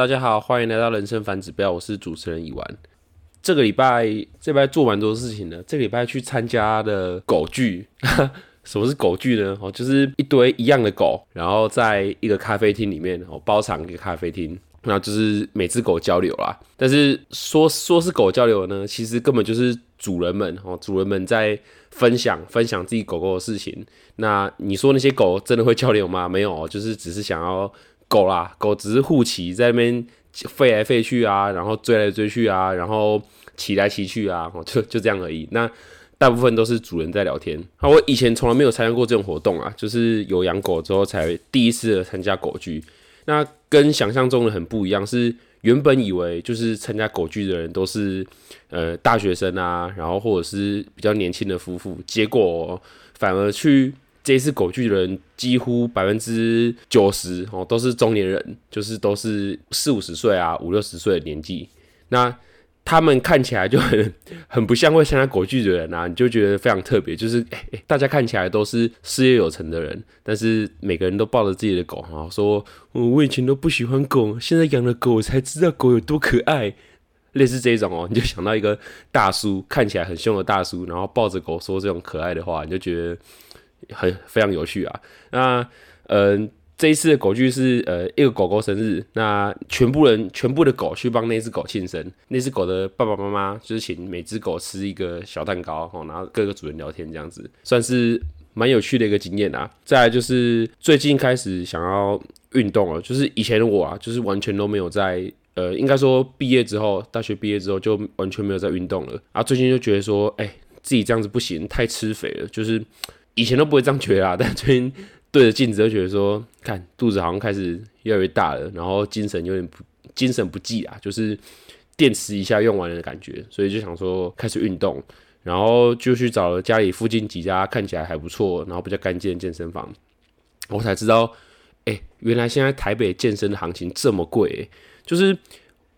大家好，歡迎來到人生反指標，我是主持人乙丸。這個禮拜，這禮拜做蠻多事情的。這個禮拜去參加的狗聚，什麼是狗聚呢？哦，就是一堆一樣的狗，然後在一個咖啡廳裡面哦，包場一個咖啡廳，那就是每隻狗交流啦。但是說說是狗交流呢，其實根本就是主人們哦，主人們在分享分享自己狗狗的事情。那你說那些狗真的會交流嗎？沒有，就是只是想要。狗啦，狗只是互騎在那邊飛來飛去啊，然後追來追去啊，然後騎來騎去啊，就就這樣而已。那大部分都是主人在聊天。好，我以前從來沒有參加過這種活動啊，就是有養狗之後才第一次參加狗聚。那跟想象中的很不一樣，是原本以為就是參加狗聚的人都是呃大學生啊，然後或者是比較年輕的夫婦，結果反而去。這一次狗聚的人幾乎百分之九十哦，都是中年人，就是都是四五十歲啊五六十歲的年紀。那他們看起來就很很不像會參加狗聚的人啊，你就覺得非常特別。就是誒誒，大家看起來都是事業有成的人，但是每個人都抱着自己的狗哈，說：“我、哦、我以前都不喜歡狗，現在養了狗才知道狗有多可愛。”類似這種哦，你就想到一個大叔，看起來很兇的大叔，然後抱着狗說這種可愛的話，你就覺得。很非常有趣啊！那，嗯、呃，這一次的狗聚是呃，一個狗狗生日，那全部人全部的狗去幫那隻狗慶生，那隻狗的爸爸媽媽就是請每隻狗吃一個小蛋糕，然後各個主人聊天這樣子，算是蠻有趣的一個經驗啊。再來就是最近開始想要運動了，就是以前的我啊，就是完全都沒有在呃，應該說畢業之後，大學畢業之後就完全沒有在運動了啊。最近就覺得說，哎，自己這樣子不行，太吃肥了，就是。以前都不會這樣覺得啊，但最近對着鏡子就覺得說，看肚子好像開始越來越大了，然後精神有點不，精神不濟啊，就是電池一下用完了的感覺，所以就想說開始運動，然後就去找了家裡附近幾家看起來還不錯，然後比較乾淨的健身房，我才知道，哎，原來現在台北健身的行情這麼貴，就是。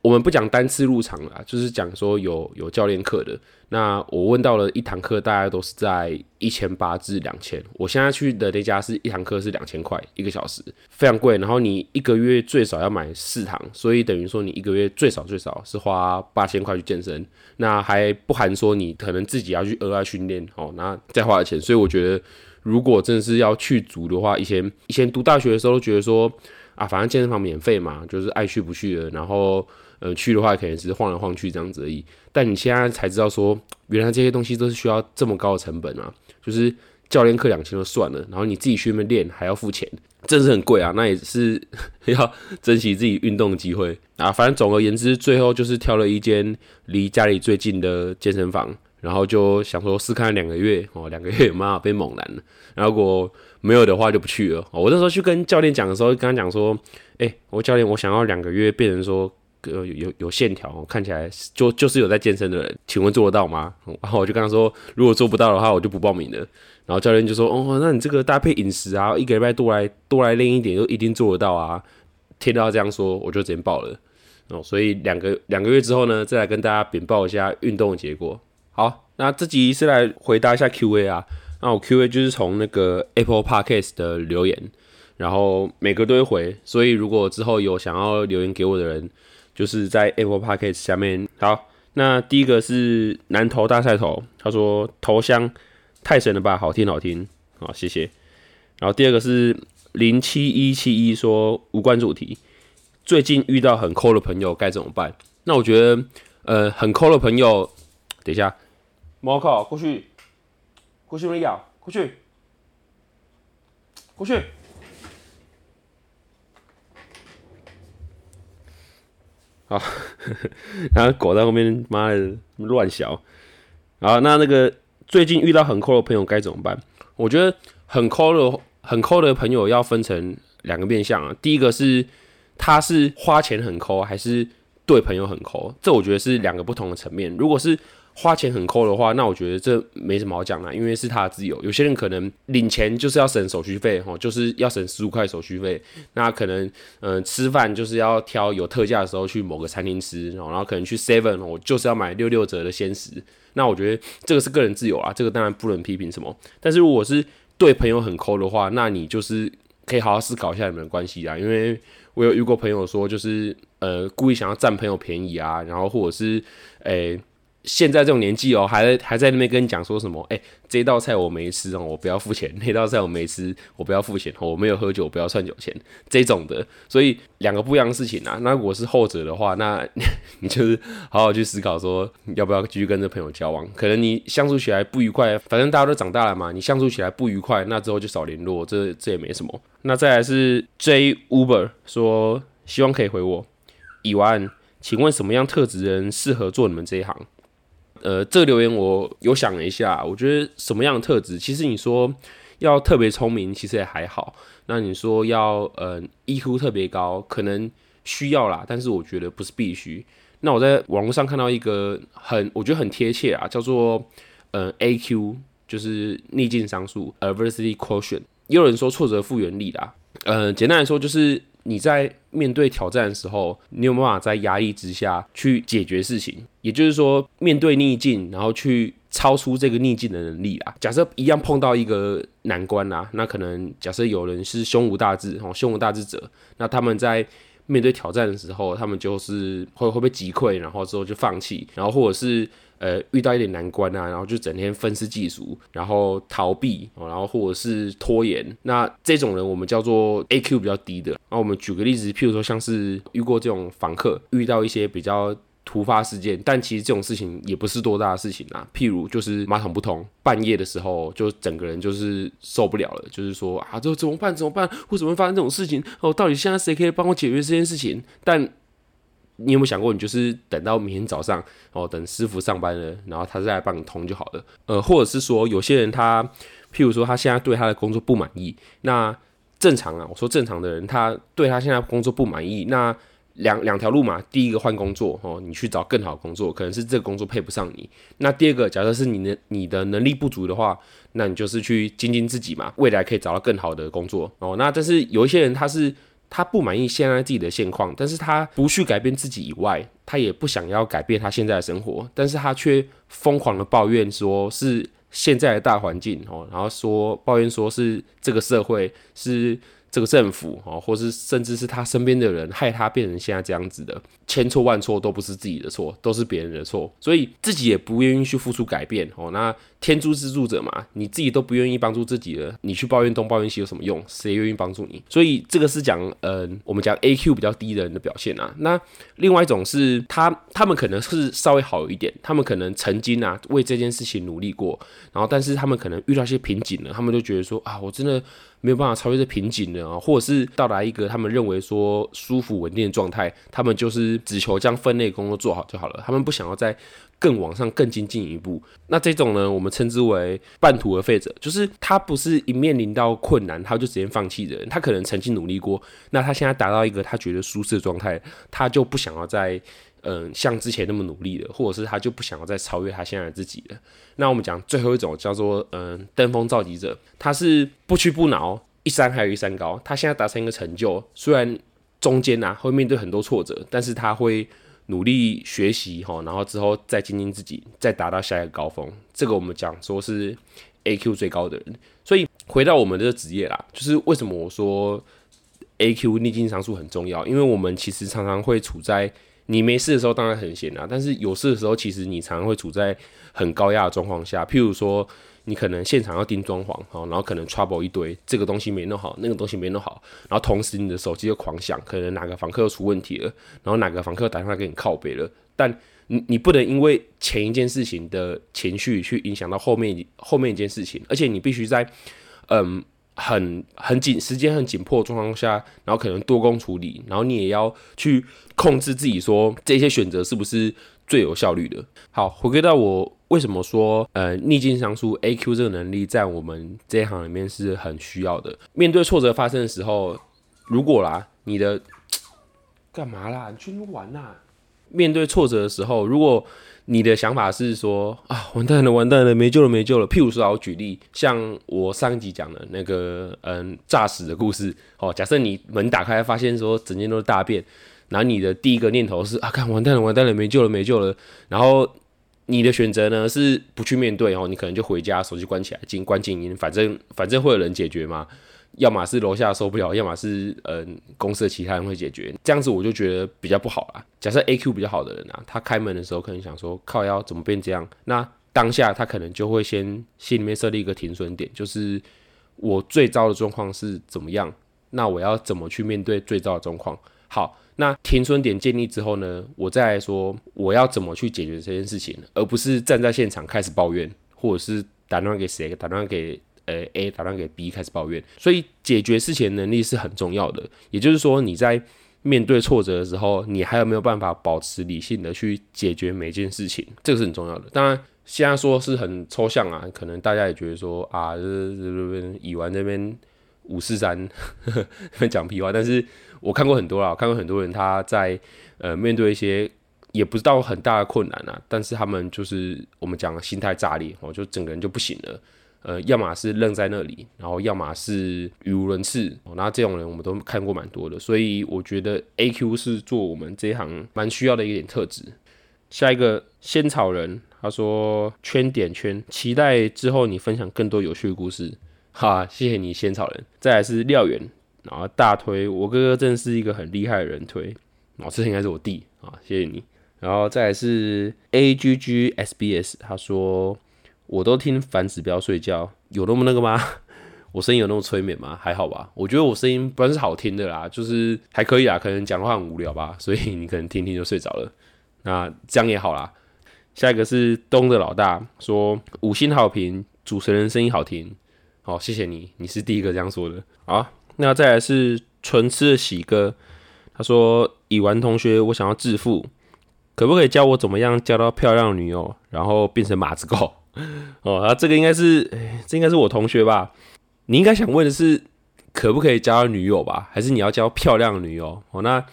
我們不講單次入場啦，就是講說有有教練課的。那我問到了一堂課，大概都是在一千八至兩千。我現在去的那家是一堂課是兩千塊一個小時，非常貴。然後你一個月最少要買四堂，所以等於說你一個月最少最少是花八千塊去健身。那還不含說你可能自己要去額外訓練哦，那再花的錢。所以我覺得如果真的是要去足的話，以前以前讀大學的時候都覺得說啊，反正健身房免費嘛，就是愛去不去的。然後呃，去的話可能只是晃來晃去這樣子而已。但你現在才知道說，原來這些東西都是需要這麼高的成本啊！就是教練課兩千就算了，然後你自己去那邊練還要付錢，真是很貴啊！那也是要珍惜自己運動的機會啊。反正總而言之，最後就是挑了一間離家裡最近的健身房，然後就想說試看兩個月哦，兩個月有辦法變猛男，然後如果沒有的話就不去了喔。我那時候去跟教練講的時候，跟他講說：“誒，我教練，我想要兩個月變成說。”呃，有有線條、喔，看起來就就是有在健身的人，請問做得到嗎？然後我就跟他說，如果做不到的話，我就不報名了。然後教練就說，哦，那你這個搭配飲食啊，一個禮拜多來多來練一點，就一定做得到啊。聽到這樣說，我就直接報了。哦，所以兩個兩個月之後呢，再來跟大家稟報一下運動的結果。好，那這集是來回答一下 QA 啊。那我 QA 就是從那個 Apple Podcast 的留言，然後每個都會回。所以如果之後有想要留言給我的人，就是在 Apple Podcast 下面。好，那第一個是南投大菜頭，他說頭香太神了吧，好聽好聽，好謝謝。然後第二個是零七一七一說，無關主題，最近遇到很摳的朋友該怎麼辦？那我覺得，呃，很摳的朋友，等一下，Marco 過去，過去，你咬，過去，過去。啊， 然後狗在後面，媽的亂小。好，那那個最近遇到很摳的朋友該怎麼辦？我覺得很摳的、很摳的朋友要分成兩個面向啊。第一個是他是花錢很摳，還是對朋友很摳？這我覺得是兩個不同的層面。如果是花錢很摳的話，那我覺得這沒什麼好講的。因為是他的自由。有些人可能領錢就是要省手續費哦，就是要省十五塊手續費。那可能嗯、呃，吃飯就是要挑有特價的時候去某個餐廳吃，然後可能去 Seven，就是要買六六折的鮮食。那我覺得這個是個人自由啊，這個當然不能批評什麼。但是如果是對朋友很摳的話，那你就是可以好好思考一下你們的關係啊，因為我有遇過朋友說，就是呃故意想要占朋友便宜啊，然後或者是哎。欸現在這種年紀哦，還在還在那邊跟你講說什麼？誒、欸。這道菜我沒吃哦，我不要付錢；那道菜我沒吃，我不要付錢。我沒有喝酒，我不要算酒錢。這種的，所以兩個不一樣的事情啊。那如果是後者的話，那 你就是好好去思考說，要不要繼續跟這朋友交往？可能你相處起來不愉快，反正大家都長大了嘛。你相處起來不愉快，那之後就少聯絡，這這也沒什麼。那再來是 J Uber 說，希望可以回我。以萬，請問什麼樣特質人適合做你們這一行？呃，這個留言我有想了一下，我覺得什麼樣的特質？其實你說要特別聰明，其實也還好。那你說要呃，EQ 特別高，可能需要啦，但是我覺得不是必須。那我在網絡上看到一個很，我覺得很貼切啊，叫做呃 AQ，就是逆境商數 （Adversity Quotient）。Caution, 也有人說挫折復原力啦，呃，簡單來說就是。你在面對挑戰的時候，你有沒有辦法在壓抑之下去解決事情，也就是說，面對逆境，然後去超出這個逆境的能力啦。假設一樣碰到一個難關啦，那可能假設有人是胸無大志，哦，胸無大志者，那他們在面對挑戰的時候，他們就是會會被擊潰，然後之後就放棄，然後或者是。呃，遇到一點難關啊，然後就整天憤世嫉俗，然後逃避，然後或者是拖延。那這種人我們叫做 AQ 比較低的。那我們舉個例子，譬如說像是遇過這種房客，遇到一些比較突發事件，但其實這種事情也不是多大的事情啊。譬如就是馬桶不通，半夜的時候就整個人就是受不了了，就是說啊，這怎麼辦？怎麼辦？為什麼會發生這種事情？哦，到底現在誰可以幫我解決這件事情？但你有沒有想過，你就是等到明天早上，哦，等師傅上班了，然後他再來幫你通就好了。呃，或者是說，有些人他，譬如說，他現在對他的工作不滿意，那正常啊。我說正常的人，他對他現在工作不滿意，那兩兩條路嘛。第一個換工作哦，你去找更好的工作，可能是這個工作配不上你。那第二個，假設是你的你的能力不足的話，那你就是去精進自己嘛，未來可以找到更好的工作哦。那但是有一些人他是。他不滿意現在自己的現況，但是他不去改變自己以外，他也不想要改變他現在的生活，但是他却瘋狂的抱怨說，是現在的大環境哦，然後說抱怨說是這個社會是。這個政府哦，或是甚至是他身邊的人害他變成現在這樣子的，千錯萬錯都不是自己的錯，都是別人的錯，所以自己也不願意去付出改變哦。那天助自助者嘛，你自己都不願意幫助自己了，你去抱怨東抱怨西有什麼用？誰願意幫助你？所以這個是講，嗯、呃，我們講 AQ 比較低的人的表現啊。那另外一種是他，他他們可能是稍微好一點，他們可能曾經啊為這件事情努力過，然後但是他們可能遇到一些瓶頸了，他們就覺得說啊，我真的。沒有辦法超越這瓶頸的啊、哦，或者是到達一個他們認為說舒服穩定的狀態，他們就是只求將分內工作做好就好了，他們不想要再更往上更精進一步。那這種呢，我們稱之為半途而廢者，就是他不是一面臨到困難他就直接放棄的人，他可能曾經努力過，那他現在達到一個他覺得舒適的狀態，他就不想要再。嗯，像之前那麼努力的，或者是他就不想要再超越他現在的自己了。那我們講最後一種叫做嗯登峰造極者，他是不屈不撓，一山還有一山高。他現在達成一個成就，雖然中間啊會面對很多挫折，但是他會努力學習哈、喔，然後之後再精進自己，再達到下一個高峰。這個我們講說是 A Q 最高的人。所以回到我們的職業啦，就是為什麼我說 A Q 逆境商數很重要，因為我們其實常常會處在。你沒事的時候當然很閒啦、啊，但是有事的時候，其實你常常會處在很高壓的狀況下。譬如說，你可能現場要盯裝潢，然後可能 trouble 一堆，這個東西沒弄好，那個東西沒弄好，然後同時你的手機又狂響，可能哪個房客又出問題了，然後哪個房客打電話給你靠北了。但你你不能因為前一件事情的情緒去影響到後面後面一件事情，而且你必須在嗯。很很緊時間很緊迫的狀況下，然後可能多工處理，然後你也要去控制自己說這些選擇是不是最有效率的。好，回歸到我為什麼說呃逆境商數 AQ 這個能力在我們這一行裡面是很需要的。面對挫折發生的時候，如果啦你的幹嘛啦？你去玩啦、啊？面對挫折的時候，如果你的想法是說啊，完蛋了，完蛋了，沒救了，沒救了。譬如說，我舉例，像我上一集講的那個，嗯，詐死的故事。哦，假設你門打開，發現說整間都是大便，然後你的第一個念頭是啊，看完蛋了，完蛋了，沒救了，沒救了。然後你的選擇呢是不去面對哦，你可能就回家，手機關起來，靜關靜音，反正反正會有人解決嘛。要麼是樓下受不了，要麼是嗯，公司的其他人會解決，這樣子我就覺得比較不好啦。假設 AQ 比較好的人啊，他開門的時候可能想說靠腰怎麼變這樣？那當下他可能就會先心裡面設立一個停損點，就是我最糟的狀況是怎麼樣？那我要怎麼去面對最糟的狀況？好，那停損點建立之後呢，我再來說我要怎麼去解決這件事情，而不是站在現場開始抱怨，或者是打電話給誰，打電話給。呃，A 打斷給 B 開始抱怨，所以解決事情能力是很重要的。也就是說，你在面對挫折的時候，你還有沒有辦法保持理性的去解決每件事情，這個是很重要的。當然，現在說是很抽象啊，可能大家也覺得說啊、就是就是就是，以玩那邊五四三講屁話，但是我看過很多啊，看過很多人他在呃面對一些也不知道很大的困難啊，但是他們就是我們講心態炸裂，我就整個人就不行了。呃，要麼是愣在那裡，然後要麼是語無倫次，那這種人我們都看過蠻多的，所以我覺得 AQ 是做我們這一行蠻需要的一點特質。下一個仙草人，他說圈點圈，期待之後你分享更多有趣的故事。哈，謝謝你仙草人。再來是廖遠，然後大推我哥哥真的是一個很厲害的人推，老、哦、師應該是我弟啊、哦，謝謝你。然後再來是 AGGSBS，他說。我都聽反指標睡覺，有那麼那個嗎？ 我聲音有那麼催眠嗎？還好吧，我覺得我聲音不算是好聽的啦，就是還可以啊，可能講的話很無聊吧，所以你可能聽聽就睡着了。那這樣也好啦。下一個是東的老大說五星好評，主持人聲音好聽。好，謝謝你，你是第一個這樣說的啊。那再來是純吃的喜哥，他說，以完同學，我想要致富，可不可以教我怎麼樣交到漂亮的女友，然後變成馬子狗？哦，那、啊、這個應該是、哎，這應該是我同學吧？你應該想問的是，可不可以交女友吧？還是你要交漂亮的女友？哦，那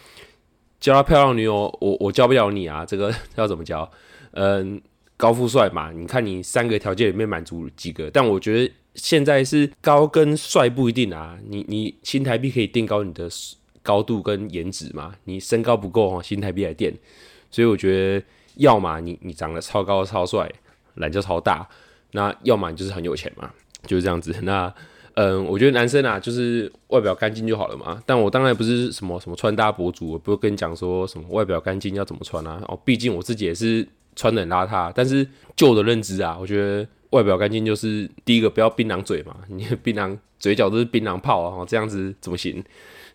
交到漂亮的女友，我我交不了你啊。這個要怎麼交？嗯，高富帥嘛，你看你三個條件裡面滿足幾個？但我覺得現在是高跟帥不一定啊。你你新台幣可以墊高你的高度跟顏值嘛？你身高不夠哦，新台幣來墊。所以我覺得要嘛，要麼你你長得超高超帥。懶覺超大，那要麼你就是很有錢嘛，就是這樣子。那嗯，我覺得男生啊，就是外表乾淨就好了嘛。但我當然不是什麼什麼穿搭博主，我不會跟你講說什麼外表乾淨要怎麼穿啊。哦，畢竟我自己也是穿得很邋遢。但是就我的認知啊，我覺得外表乾淨就是第一個不要檳榔嘴嘛，你檳榔嘴角都是檳榔泡啊，這樣子怎麼行？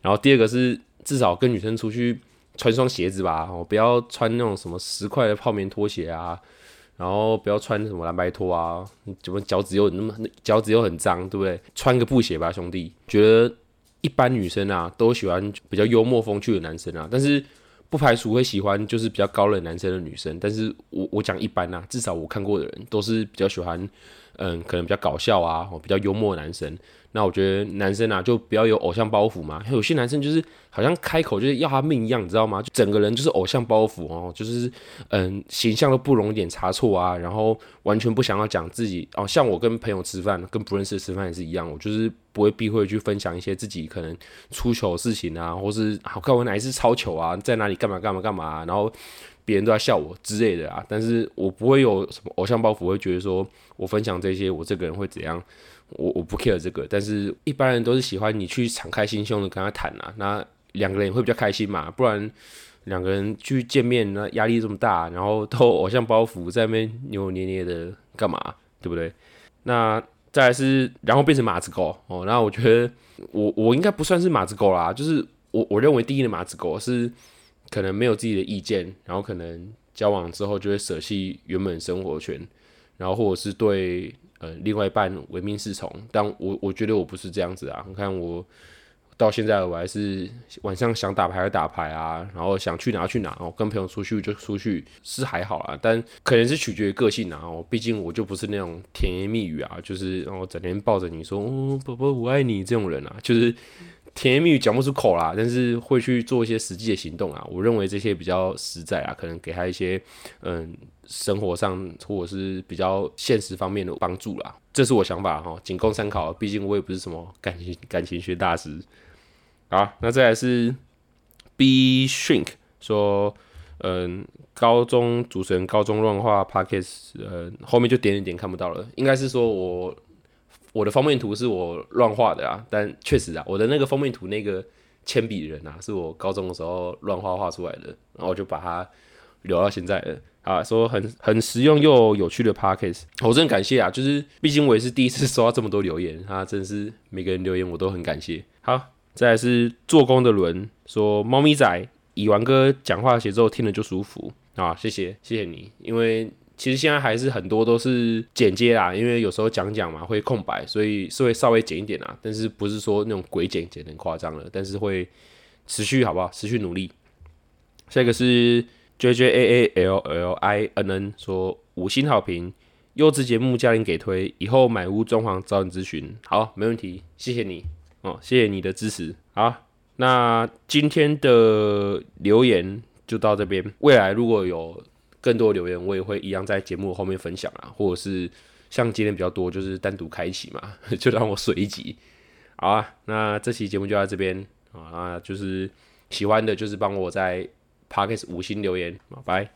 然後第二個是至少跟女生出去穿雙鞋子吧，哦，不要穿那種什麼十塊的泡棉拖鞋啊。然後不要穿什麼藍白拖啊，怎麼腳趾又那麼腳趾又很髒，對不對？穿個布鞋吧，兄弟。覺得一般女生啊，都喜歡比較幽默風趣的男生啊，但是不排除會喜歡就是比較高冷男生的女生，但是我我講一般啊，至少我看過的人都是比較喜歡。嗯，可能比較搞笑啊，我、哦、比較幽默的男生。那我覺得男生啊，就不要有偶像包袱嘛。有些男生就是好像開口就是要他命一樣，你知道嗎？就整個人就是偶像包袱哦，就是嗯，形象都不容一點差錯啊。然後完全不想要講自己哦，像我跟朋友吃飯，跟不認識的吃飯也是一樣，我就是不會避諱去分享一些自己可能出糗的事情啊，或是好、啊、看我哪一次超糗啊，在哪裡幹嘛幹嘛幹嘛、啊，然後。別人都在笑我之類的啊，但是我不會有什麼偶像包袱，會覺得說我分享這些，我這個人會怎樣？我我不 care 這個。但是一般人都是喜歡你去敞開心胸的跟他談啊，那兩個人也會比較開心嘛。不然兩個人去見面，那壓力這麼大，然後都偶像包袱在那邊扭扭捏捏的幹嘛？對不對？那再來是，然後變成馬子狗哦。然後我覺得我我應該不算是馬子狗啦，就是我我認為第一的馬子狗是。可能沒有自己的意見，然後可能交往之後就會捨棄原本生活圈，然後或者是對呃另外一半唯命是從。但我我覺得我不是這樣子啊，你看我到現在我還是晚上想打牌就打牌啊，然後想去哪去哪，我跟朋友出去就出去，是還好啊，但可能是取決於個性啊。哦，畢竟我就不是那種甜言蜜語啊，就是然後整天抱着你說哦，寶寶我愛你這種人啊，就是。甜言蜜語講不出口啦，但是會去做一些實際的行動啊。我認為這些比較實在啊，可能給他一些嗯生活上或者是比較現實方面的幫助啦。這是我想法哈，僅供參考。畢竟我也不是什麼感情感情學大師。好，那再來是 B shrink 說，嗯，高中主持人高中亂話 pockets，嗯，後面就點點點看不到了，應該是說我。我的封面圖是我亂畫的啊，但確實啊，我的那個封面圖那個鉛筆人啊，是我高中的時候亂畫畫出來的，然後就把它留到現在了啊。說很很實用又有趣的 podcast，我真的感謝啊，就是畢竟我也是第一次收到這麼多留言，他、啊、真是每個人留言我都很感謝。好，再來是做工的輪說貓咪仔乙玩哥講話節奏聽了就舒服啊，謝謝謝謝你，因為。其實現在還是很多都是剪接啦，因為有時候講講嘛會空白，所以是會稍微剪一點啦。但是不是說那種鬼剪剪很誇張了，但是會持續好不好？持續努力。下一個是 J J A A L L I N N 說五星好評，優質節目，家人給推，以後買屋裝潢找你諮詢，好，沒問題，謝謝你哦，謝謝你的支持。好，那今天的留言就到這邊，未來如果有。更多的留言我也會一樣在節目後面分享啊，或者是像今天比較多，就是單獨開啟嘛，就讓我隨機。好啊，那這期節目就到這邊啊，就是喜歡的就是幫我在 Podcast 五星留言，拜拜。